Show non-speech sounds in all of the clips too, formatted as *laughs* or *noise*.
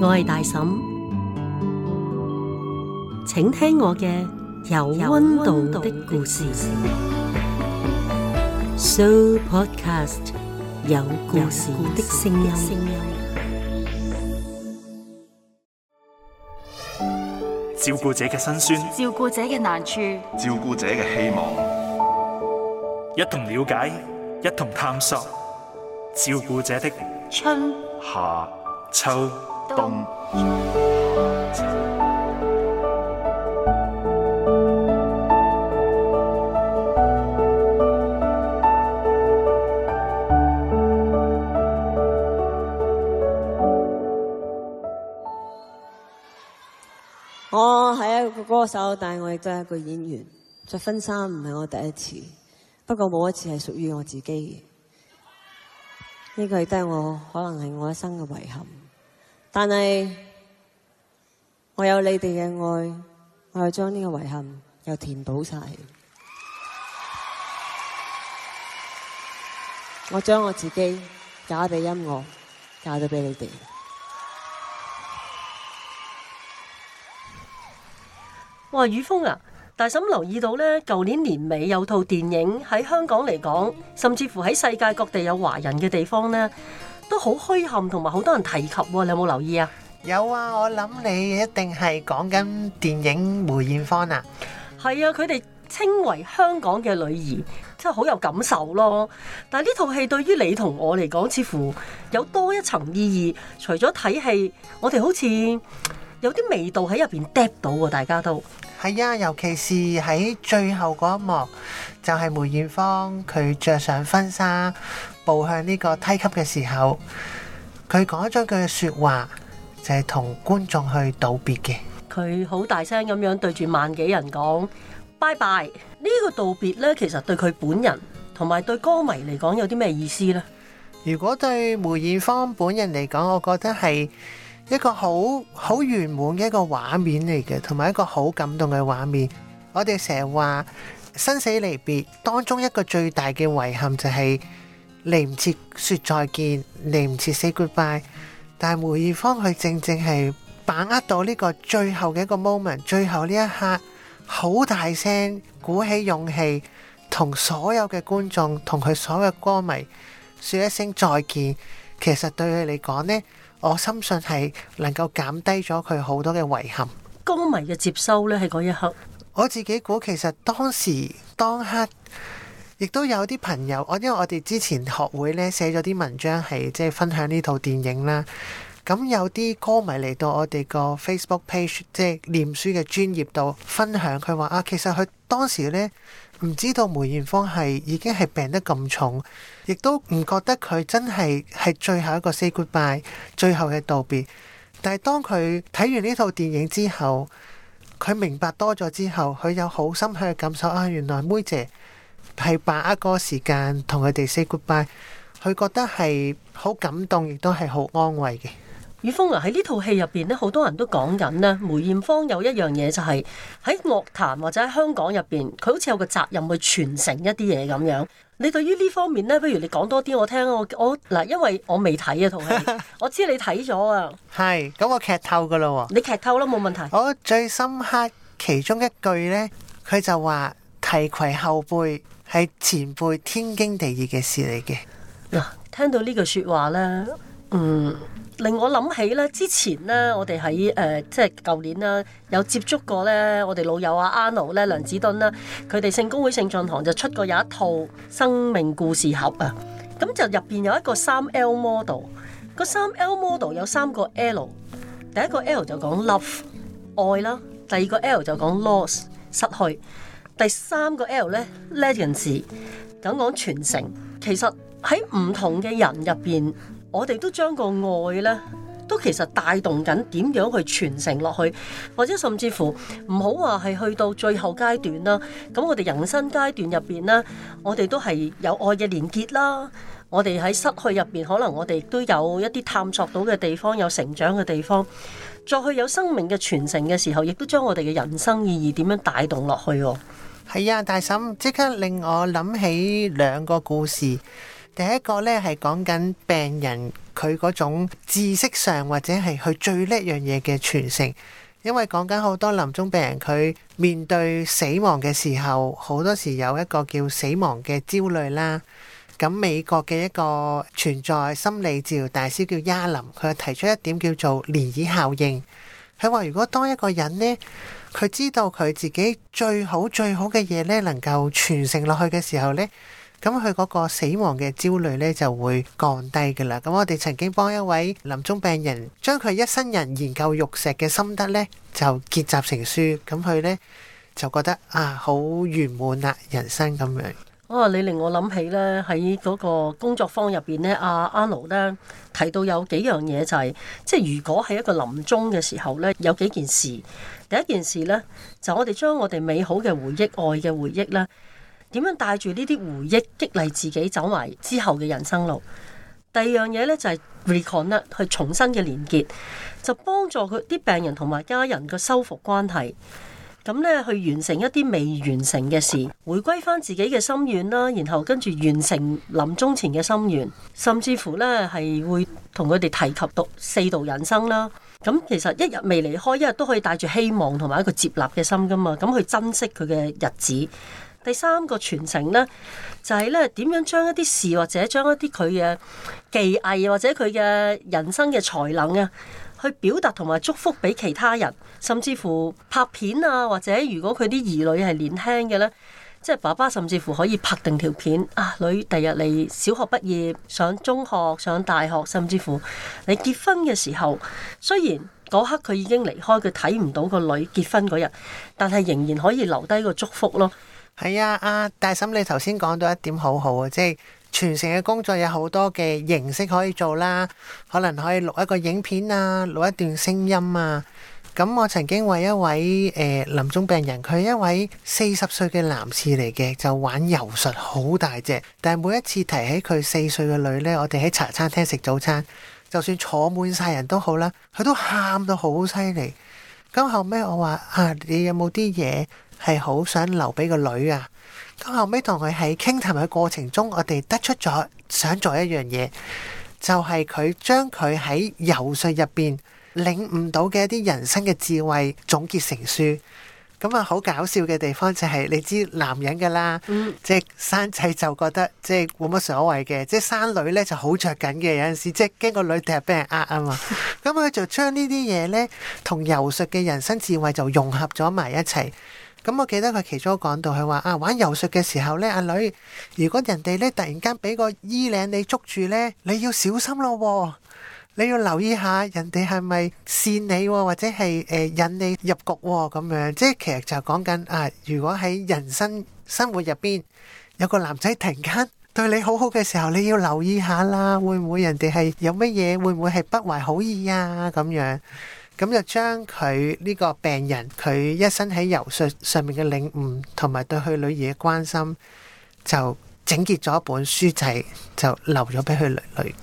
我係大嬸，請聽我嘅有溫度的故事。Show Podcast 有故事的聲音。照顧者嘅辛酸，照顧者嘅難處，照顧者嘅希望，一同了解，一同探索，照顧者的春、夏、秋。 *noise* 我係一個歌手，但是我亦都係一個演員。着婚紗唔係我第一次，不過冇一次係屬於我自己嘅。呢、這個都係我，可能係我一生嘅遺憾。但係我有你哋嘅愛，我又將呢個遺憾又填補曬。我將我自己嫁俾音樂，嫁咗俾你哋。哇，宇峰啊，大嬸留意到咧，舊年年尾有套電影喺香港嚟講，甚至乎喺世界各地有華人嘅地方咧。好虛憾同埋好多人提及喎，你有冇留意啊？有啊，我諗你一定係講緊電影梅艷芳啦。係啊，佢哋、啊、稱為香港嘅女兒，真係好有感受咯。但係呢套戲對於你同我嚟講，似乎有多一層意義。除咗睇戲，我哋好似有啲味道喺入邊嗒到啊！大家都係啊，尤其是喺最後嗰一幕，就係、是、梅艷芳佢着上婚紗。步向呢個梯級嘅時候，佢講咗句說話，就係同觀眾去道別嘅。佢好大聲咁樣對住萬幾人講拜拜。呢個道別呢，其實對佢本人同埋對歌迷嚟講有啲咩意思呢？如果對梅艷芳本人嚟講，我覺得係一個好好圓滿嘅一個畫面嚟嘅，同埋一個好感動嘅畫面。我哋成日話生死離別當中一個最大嘅遺憾就係。嚟唔切說再見，嚟唔切 say goodbye，但係梅艷芳佢正正係把握到呢個最後嘅一個 moment，最後呢一刻好大聲鼓起勇氣，同所有嘅觀眾同佢所有嘅歌迷説一聲再見。其實對佢嚟講呢，我深信係能夠減低咗佢好多嘅遺憾。歌迷嘅接收呢，喺嗰一刻，我自己估其實當時，當時，當刻。亦都有啲朋友，我因為我哋之前學會咧寫咗啲文章，係即係分享呢套電影啦。咁有啲歌迷嚟到我哋個 Facebook page，即係臉書嘅專頁度分享，佢話啊，其實佢當時咧唔知道梅艷芳係已經係病得咁重，亦都唔覺得佢真係係最後一個 say goodbye，最後嘅道別。但係當佢睇完呢套電影之後，佢明白多咗之後，佢有好深刻嘅感受啊，原來妹姐。係把握嗰個時間同佢哋 say goodbye，佢覺得係好感動，亦都係好安慰嘅。雨峰啊，喺呢套戲入邊咧，好多人都講緊咧，梅艷芳有一樣嘢就係喺樂壇或者喺香港入邊，佢好似有個責任去傳承一啲嘢咁樣。你對於呢方面咧，不如你講多啲我聽。我我嗱，因為我未睇啊，同 *laughs* 我知你睇咗啊。係咁，我劇透噶啦。你劇透啦，冇問題。我最深刻其中一句咧，佢就話。提攜後輩，係前輩天經地義嘅事嚟嘅。嗱，聽到呢句說話咧，嗯，令我諗起咧，之前咧，我哋喺誒，即係舊年啦，有接觸過咧，我哋老友阿阿奴咧，梁子敦啦，佢哋聖公會聖進堂就出過有一套生命故事盒啊，咁就入邊有一個三 L model，個三 L model 有三個 L，第一個 L 就講 love 愛啦，第二個 L 就講 loss 失去。第三個 L 咧，Legacy，緊講傳承。其實喺唔同嘅人入邊，我哋都將個愛咧，都其實帶動緊點樣去傳承落去，或者甚至乎唔好話係去到最後階段啦。咁我哋人生階段入邊啦，我哋都係有愛嘅連結啦。我哋喺失去入邊，可能我哋都有一啲探索到嘅地方，有成長嘅地方，再去有生命嘅傳承嘅時候，亦都將我哋嘅人生意義點樣帶動落去喎。係啊，大嬸，即刻令我諗起兩個故事。第一個呢，係講緊病人佢嗰種知識上或者係佢最叻樣嘢嘅傳承，因為講緊好多臨終病人佢面對死亡嘅時候，好多時有一個叫死亡嘅焦慮啦。咁美國嘅一個存在心理治療大師叫亞林，佢提出一點叫做漣漪效應。佢話如果當一個人呢。佢知道佢自己最好最好嘅嘢咧，能夠傳承落去嘅時候咧，咁佢嗰個死亡嘅焦慮咧就會降低噶啦。咁我哋曾經幫一位臨終病人，將佢一生人研究玉石嘅心得咧，就結集成書，咁佢咧就覺得啊，好圓滿啊，人生咁樣。哦、啊，你令我諗起咧，喺嗰個工作坊入邊咧，阿阿奴咧提到有幾樣嘢就係、是，即係如果係一個臨終嘅時候咧，有幾件事。第一件事咧，就我哋將我哋美好嘅回憶、愛嘅回憶咧，點樣帶住呢啲回憶激勵自己走埋之後嘅人生路。第二樣嘢咧就係、是、reconnect，去重新嘅連結，就幫助佢啲病人同埋家人嘅修復關係。咁咧，去完成一啲未完成嘅事，回歸翻自己嘅心願啦，然後跟住完成臨終前嘅心願，甚至乎咧係會同佢哋提及到四道人生啦。咁其實一日未離開，一日都可以帶住希望同埋一個接納嘅心噶嘛，咁去珍惜佢嘅日子。第三個傳承咧，就係咧點樣將一啲事或者將一啲佢嘅技藝或者佢嘅人生嘅才能啊。去表達同埋祝福俾其他人，甚至乎拍片啊，或者如果佢啲兒女係年輕嘅呢，即係爸爸，甚至乎可以拍定條片啊，女第日嚟小學畢業、上中學、上大學，甚至乎你結婚嘅時候，雖然嗰刻佢已經離開，佢睇唔到個女結婚嗰日，但係仍然可以留低個祝福咯。係啊，啊，大嬸，你頭先講到一點好好啊，即係。傳承嘅工作有好多嘅形式可以做啦，可能可以錄一個影片啊，錄一段聲音啊。咁我曾經為一位誒臨終病人，佢係一位四十歲嘅男士嚟嘅，就玩游術好大隻。但係每一次提起佢四歲嘅女咧，我哋喺茶餐廳食早餐，就算坐滿晒人都好啦，佢都喊到好犀利。咁後尾我話啊，你有冇啲嘢係好想留俾個女啊？咁後尾同佢喺傾談嘅過程中，我哋得出咗想做一樣嘢，就係佢將佢喺遊說入邊領悟到嘅一啲人生嘅智慧總結成書。咁啊，好搞笑嘅地方就係、是，你知男人㗎啦，嗯、即係生仔就覺得即係冇乜所謂嘅，即係生女咧就好着緊嘅。有陣時即係驚個女第日俾人呃啊嘛，咁佢 *laughs* 就將呢啲嘢咧同遊說嘅人生智慧就融合咗埋一齊。咁我記得佢其中講到，佢話啊玩柔術嘅時候呢，阿、啊、女如果人哋呢突然間俾個衣領你捉住呢，你要小心咯、哦，你要留意下人哋係咪扇你、哦、或者係誒、呃、引你入局咁、哦、樣。即係其實就講緊啊，如果喺人生生活入邊有個男仔突然間對你好好嘅時候，你要留意下啦，會唔會人哋係有乜嘢？會唔會係不懷好意啊？咁樣。咁就將佢呢個病人佢一生喺游說上面嘅領悟同埋對佢女兒嘅關心，就整結咗一本書仔，就留咗俾佢女女。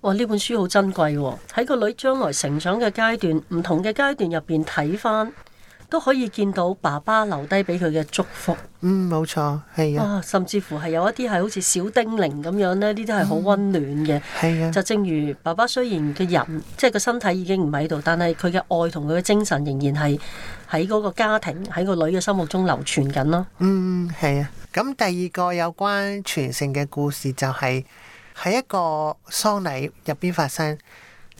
哇！呢本書好珍貴喎、哦，喺個女將來成長嘅階段，唔同嘅階段入邊睇翻。都可以見到爸爸留低俾佢嘅祝福，嗯，冇錯，係啊，啊，甚至乎係有一啲係好似小叮嚀咁樣呢，呢啲係好溫暖嘅，係、嗯、啊，就正如爸爸雖然個人，即係個身體已經唔喺度，但係佢嘅愛同佢嘅精神仍然係喺嗰個家庭喺個女嘅心目中流傳緊咯，嗯，係啊，咁第二個有關傳承嘅故事就係、是、喺一個喪禮入邊發生，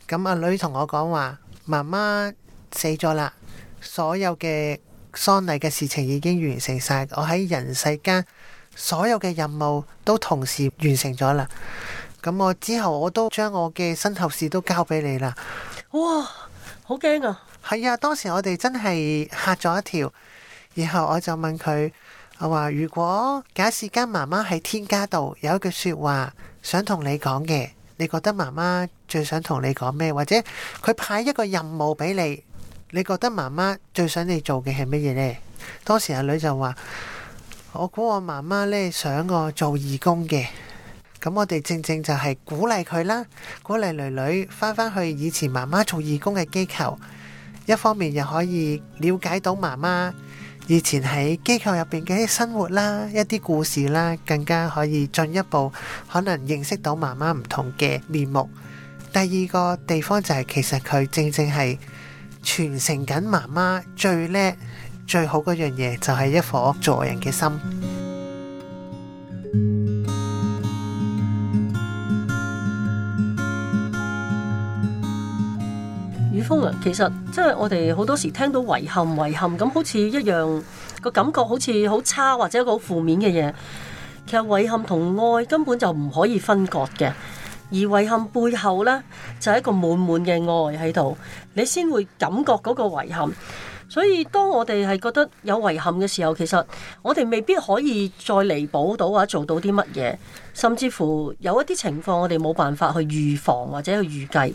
咁阿女同我講話，媽媽死咗啦。所有嘅喪禮嘅事情已經完成晒，我喺人世間所有嘅任務都同時完成咗啦。咁我之後我都將我嘅身後事都交俾你啦。哇，好驚啊！係啊，當時我哋真係吓咗一跳。然後我就問佢：我話如果假使間媽媽喺天家度有一句說話想同你講嘅，你覺得媽媽最想同你講咩？或者佢派一個任務俾你？你覺得媽媽最想你做嘅係乜嘢呢？當時阿女就話：我估我媽媽呢想我做義工嘅。咁我哋正正就係鼓勵佢啦，鼓勵囡囡返返去以前媽媽做義工嘅機構，一方面又可以瞭解到媽媽以前喺機構入邊嘅啲生活啦，一啲故事啦，更加可以進一步可能認識到媽媽唔同嘅面目。第二個地方就係其實佢正正係。傳承緊媽媽最叻最好嗰樣嘢，就係一顆助人嘅心。雨峰啊，其實即係我哋好多時聽到遺憾，遺憾咁好似一樣個感覺好，好似好差或者一個好負面嘅嘢。其實遺憾同愛根本就唔可以分割嘅。而遺憾背後呢，就係、是、一個滿滿嘅愛喺度，你先會感覺嗰個遺憾。所以當我哋係覺得有遺憾嘅時候，其實我哋未必可以再彌補到或者做到啲乜嘢，甚至乎有一啲情況我哋冇辦法去預防或者去預計。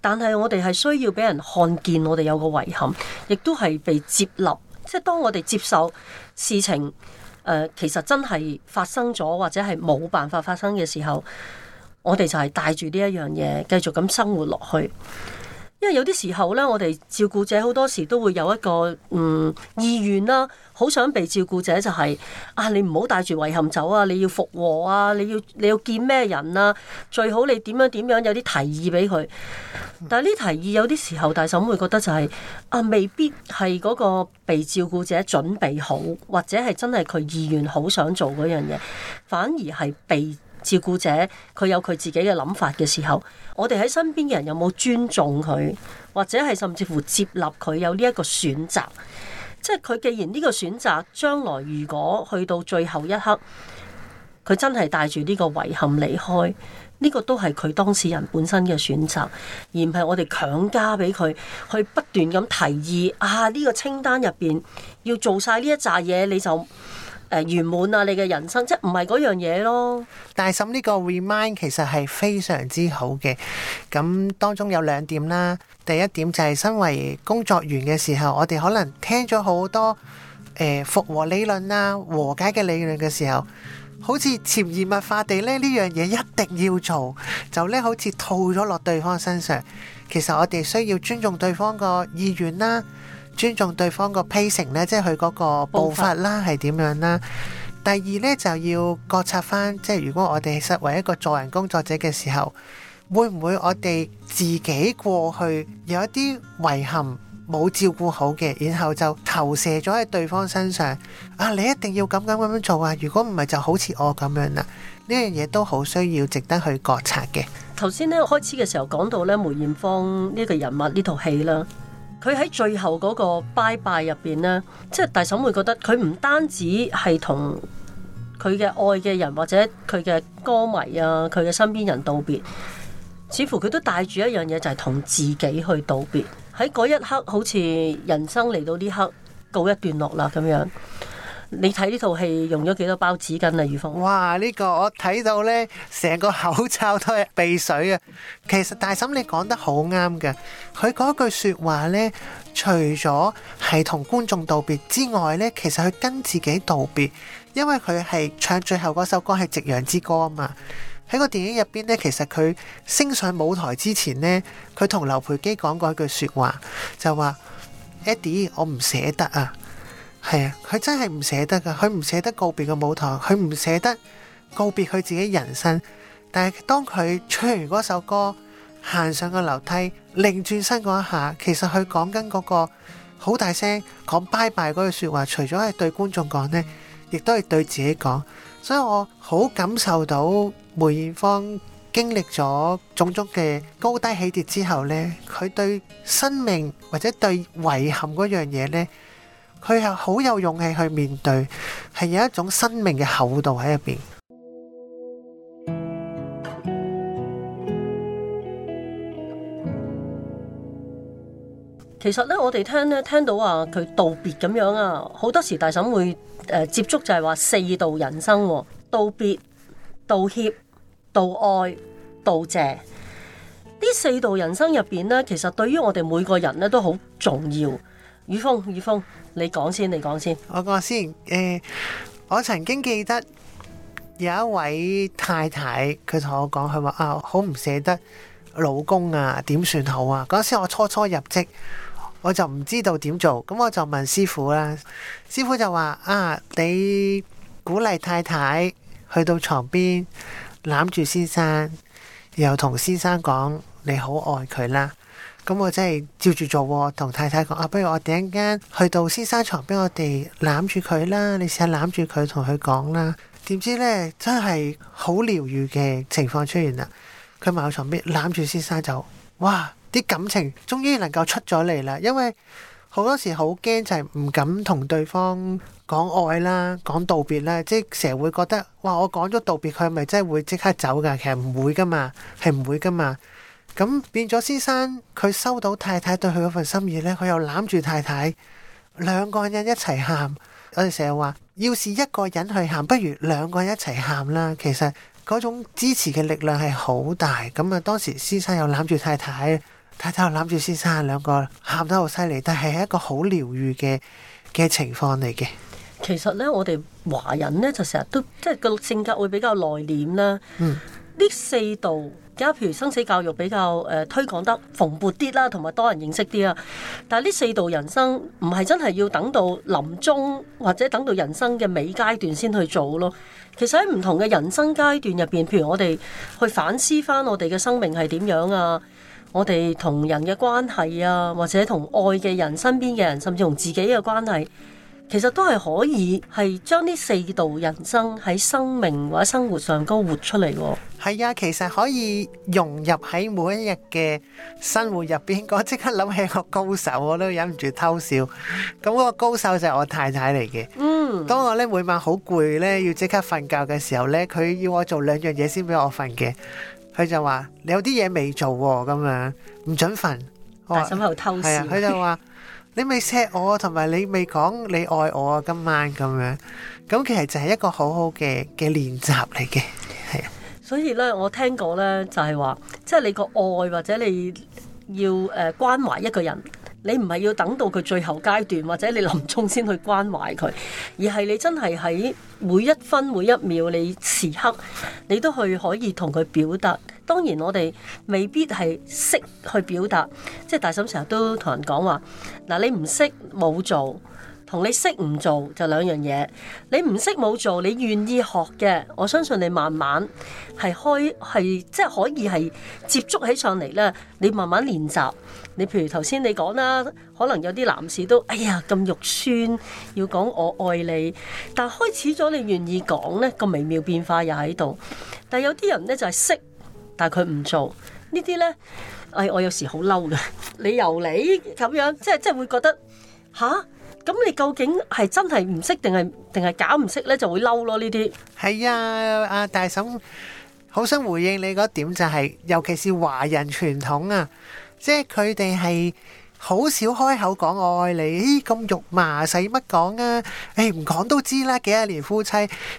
但係我哋係需要俾人看見我哋有個遺憾，亦都係被接納。即、就、係、是、當我哋接受事情，誒、呃、其實真係發生咗，或者係冇辦法發生嘅時候。我哋就係帶住呢一樣嘢繼續咁生活落去，因為有啲時候咧，我哋照顧者好多時都會有一個嗯意願啦、啊，好想被照顧者就係、是、啊，你唔好帶住遺憾走啊，你要復和啊，你要你要見咩人啊，最好你點樣點樣，有啲提議俾佢。但係呢提議有啲時候，大嬸會覺得就係、是、啊，未必係嗰個被照顧者準備好，或者係真係佢意願好想做嗰樣嘢，反而係被。照顧者佢有佢自己嘅諗法嘅時候，我哋喺身邊嘅人有冇尊重佢，或者係甚至乎接納佢有呢一個選擇？即係佢既然呢個選擇，將來如果去到最後一刻，佢真係帶住呢個遺憾離開，呢個都係佢當事人本身嘅選擇，而唔係我哋強加俾佢去不斷咁提議啊！呢個清單入邊要做晒呢一扎嘢，你就。誒圓滿啊！你嘅人生即係唔係嗰樣嘢咯？但係審呢個 remind 其實係非常之好嘅。咁當中有兩點啦，第一點就係身為工作員嘅時候，我哋可能聽咗好多誒復和理論啊、和解嘅理論嘅時候，好似潛移默化地咧，呢樣嘢一定要做，就咧好似套咗落對方身上。其實我哋需要尊重對方個意願啦。尊重對方個 pacing 咧，即係佢嗰個步伐啦，係點伐樣啦？第二咧就要覺察返，即係如果我哋實為一個助人工作者嘅時候，會唔會我哋自己過去有一啲遺憾冇照顧好嘅，然後就投射咗喺對方身上啊？你一定要咁咁咁樣做啊！如果唔係就好似我咁樣啦，呢樣嘢都好需要值得去覺察嘅。頭先咧開始嘅時候講到咧梅艷芳呢個人物呢套戲啦。佢喺最後嗰個拜拜入邊呢，即係大嬸會覺得佢唔單止係同佢嘅愛嘅人或者佢嘅歌迷啊，佢嘅身邊人道別，似乎佢都帶住一樣嘢，就係同自己去道別。喺嗰一刻，好似人生嚟到呢刻告一段落啦咁樣。你睇呢套戲用咗幾多包紙巾啊？馮哇呢、呢個我睇到呢，成個口罩都係鼻水啊！其實大嬸你講得好啱㗎，佢嗰句説話呢，除咗係同觀眾道別之外呢，其實佢跟自己道別，因為佢係唱最後嗰首歌係《夕陽之歌》啊嘛。喺個電影入邊呢，其實佢升上舞台之前呢，佢同劉培基講過一句説話，就話：Eddie，我唔捨得啊！係啊，佢真係唔捨得噶，佢唔捨得告別個舞台，佢唔捨得告別佢自己人生。但係當佢唱完嗰首歌，行上個樓梯，擰轉身嗰一下，其實佢講緊嗰個好大聲講拜拜嗰句説話，除咗係對觀眾講呢，亦都係對自己講。所以我好感受到梅艷芳經歷咗種種嘅高低起跌之後呢，佢對生命或者對遺憾嗰樣嘢呢。佢係好有勇氣去面對，係有一種生命嘅厚度喺入邊。其實咧，我哋聽咧聽到話佢道別咁樣啊，好多時大嬸會誒接觸就係話四道人生：道別、道歉、道愛、道謝。呢四道人生入邊咧，其實對於我哋每個人咧都好重要。雨峰，雨峰，你講先，先，先，你講先。我講先，誒，我曾經記得有一位太太，佢同我講，佢話啊，好唔捨得老公啊，點算好啊？嗰時我初初入職，我就唔知道點做，咁我就問師傅啦，師傅就話啊，你鼓勵太太去到床邊攬住先生，又同先生講你好愛佢啦。咁我真係照住做，同太太講啊，不如我哋一陣間去到先生床邊，我哋攬住佢啦。你試下攬住佢，同佢講啦。點知咧，真係好療愈嘅情況出現啦。佢埋喺床邊攬住先生就，哇！啲感情終於能夠出咗嚟啦。因為好多時好驚就係唔敢同對方講愛啦、講道別啦，即係成日會覺得哇，我講咗道別，佢係咪真係會即刻走噶？其實唔會噶嘛，係唔會噶嘛。咁變咗，先生佢收到太太對佢嗰份心意咧，佢又攬住太太，兩個人一齊喊。我哋成日話，要係一個人去喊，不如兩個人一齊喊啦。其實嗰種支持嘅力量係好大。咁啊，當時先生又攬住太太，太太又攬住先生，兩個喊得好犀利。但係係一個好療愈嘅嘅情況嚟嘅。其實咧，我哋華人咧就成日都即係個性格會比較內斂啦。嗯。呢四度，而家，譬如生死教育比較誒、呃、推廣得蓬勃啲啦，同埋多人認識啲啦。但係呢四度人生唔係真係要等到臨終或者等到人生嘅尾階段先去做咯。其實喺唔同嘅人生階段入邊，譬如我哋去反思翻我哋嘅生命係點樣啊，我哋同人嘅關係啊，或者同愛嘅人身邊嘅人，甚至同自己嘅關係。其實都係可以係將呢四道人生喺生命或者生活上都活出嚟，哦。係啊，其實可以融入喺每一日嘅生活入邊。我即刻諗起個高手，我都忍唔住偷笑。咁 *laughs* 個高手就係我太太嚟嘅。嗯，當我呢每晚好攰呢，要即刻瞓覺嘅時候呢，佢要我做兩樣嘢先俾我瞓嘅。佢就話：你有啲嘢未做咁、哦、樣，唔准瞓。大神喺度偷笑。佢、啊、就話。 *laughs* 你未錫我同埋你未講你愛我啊，今晚咁樣，咁其實就係一個好好嘅嘅練習嚟嘅，係啊。所以咧，我聽過咧，就係話，即係你個愛或者你要呃關懷一個人，你唔係要等到佢最後階段或者你臨終先去關懷佢，而係你真係喺每一分每一秒，你時刻你都去可以同佢表達。當然我哋未必係識去表達，即係大嬸成日都同人講話嗱，你唔識冇做，同你識唔做就兩樣嘢。你唔識冇做，你願意學嘅，我相信你慢慢係開係即係可以係接觸起上嚟啦。你慢慢練習，你譬如頭先你講啦，可能有啲男士都哎呀，咁肉酸，要講我愛你，但係開始咗你願意講咧，個微妙變化又喺度。但係有啲人咧就係識。但係佢唔做呢啲呢，哎，我有時好嬲嘅，你由你咁樣，即係即係會覺得吓，咁你究竟係真係唔識定係定係搞唔識呢？就會嬲咯呢啲。係啊，阿大嬸，好想回應你嗰點就係尤其是華人傳統啊，即係佢哋係。好少開口講我愛你，咁肉麻，使乜講啊？誒唔講都知啦，幾多年夫妻，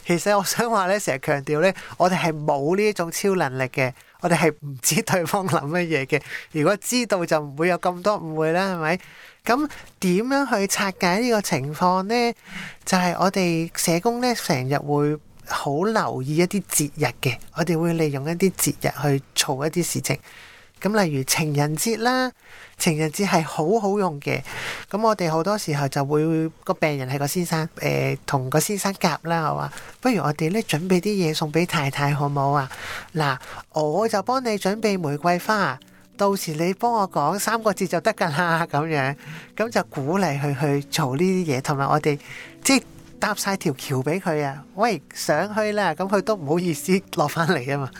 其實我想話咧，成日強調咧，我哋係冇呢一種超能力嘅，我哋係唔知對方諗乜嘢嘅。如果知道就唔會有咁多誤會啦，係咪？咁點樣去拆解呢個情況咧？就係我哋社工咧，成日會好留意一啲節日嘅，我哋會利用一啲節日去做一啲事情。咁例如情人節啦，情人節係好好用嘅。咁我哋好多時候就會個病人係個先生，誒、呃、同個先生夾啦，係話不如我哋咧準備啲嘢送俾太太好唔好啊？嗱，我就幫你準備玫瑰花，到時你幫我講三個字就得㗎啦，咁樣咁就鼓勵佢去做呢啲嘢，同埋我哋即係搭晒條橋俾佢啊！喂，上去啦，咁佢都唔好意思落返嚟啊嘛～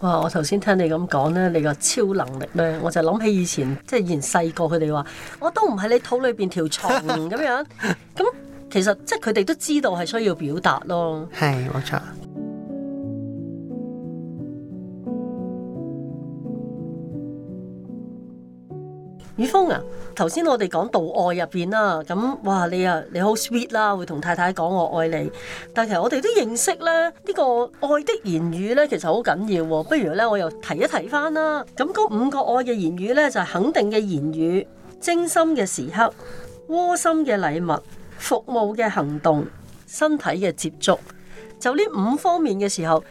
哇！我頭先聽你咁講咧，你個超能力咧，我就諗起以前即係以前細個佢哋話，我都唔係你肚裏邊條蟲咁樣。咁 *laughs* 其實即係佢哋都知道係需要表達咯。係冇錯。雨峰啊，頭先我哋講到愛入邊啦，咁哇你啊，你好 sweet 啦，會同太太講我愛你。但其實我哋都認識咧，呢、這個愛的言語咧，其實好緊要，啊。不如咧，我又提一提翻啦。咁、那、嗰、個、五個愛嘅言語咧，就係、是、肯定嘅言語、精心嘅時刻、窩心嘅禮物、服務嘅行動、身體嘅接觸，就呢五方面嘅時候，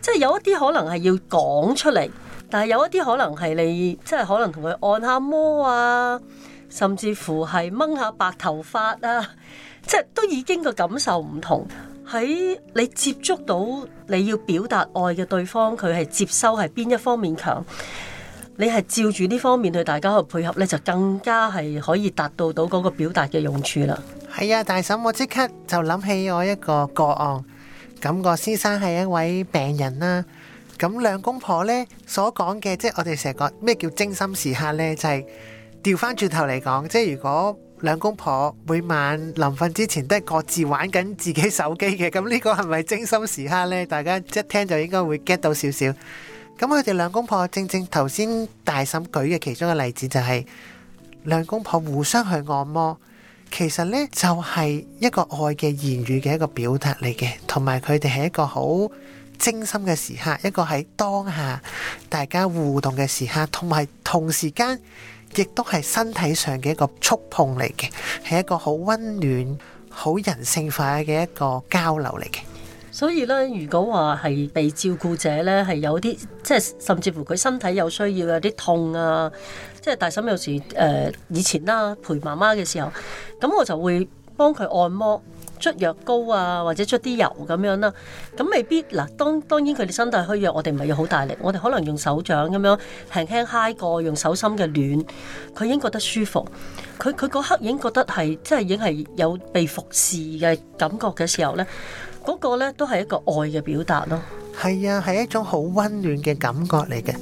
即係有一啲可能係要講出嚟。但係有一啲可能係你，即係可能同佢按下摩啊，甚至乎係掹下白頭髮啊，即係都已經個感受唔同。喺你接觸到你要表達愛嘅對方，佢係接收係邊一方面強？你係照住呢方面對大家去配合咧，就更加係可以達到到嗰個表達嘅用處啦。係啊，大嬸，我即刻就諗起我一個個案，咁個先生係一位病人啦。咁兩公婆咧，所講嘅，即係我哋成日講咩叫精心時刻咧，就係調翻轉頭嚟講，即係如果兩公婆每晚臨瞓之前都係各自玩緊自己手機嘅，咁呢個係咪精心時刻咧？大家一聽就應該會 get 到少少。咁佢哋兩公婆正正頭先大嬸舉嘅其中嘅例子就係兩公婆互相去按摩，其實咧，就係一個愛嘅言語嘅一個表達嚟嘅，同埋佢哋係一個好。精心嘅時刻，一個喺當下大家互動嘅時刻，同埋同時間亦都係身體上嘅一個觸碰嚟嘅，係一個好温暖、好人性化嘅一個交流嚟嘅。所以咧，如果話係被照顧者咧，係有啲即係甚至乎佢身體有需要有啲痛啊，即係大嬸有時誒以前啦陪媽媽嘅時候，咁、呃、我就會幫佢按摩。出藥膏啊，或者出啲油咁樣啦，咁未必嗱。當當然佢哋身體虛弱，我哋唔係要好大力，我哋可能用手掌咁樣輕輕嗨過，用手心嘅暖，佢已經覺得舒服。佢佢嗰刻已經覺得係，即係已經係有被服侍嘅感覺嘅時候呢，嗰個咧都係一個愛嘅表達咯。係啊，係一種好温暖嘅感覺嚟嘅。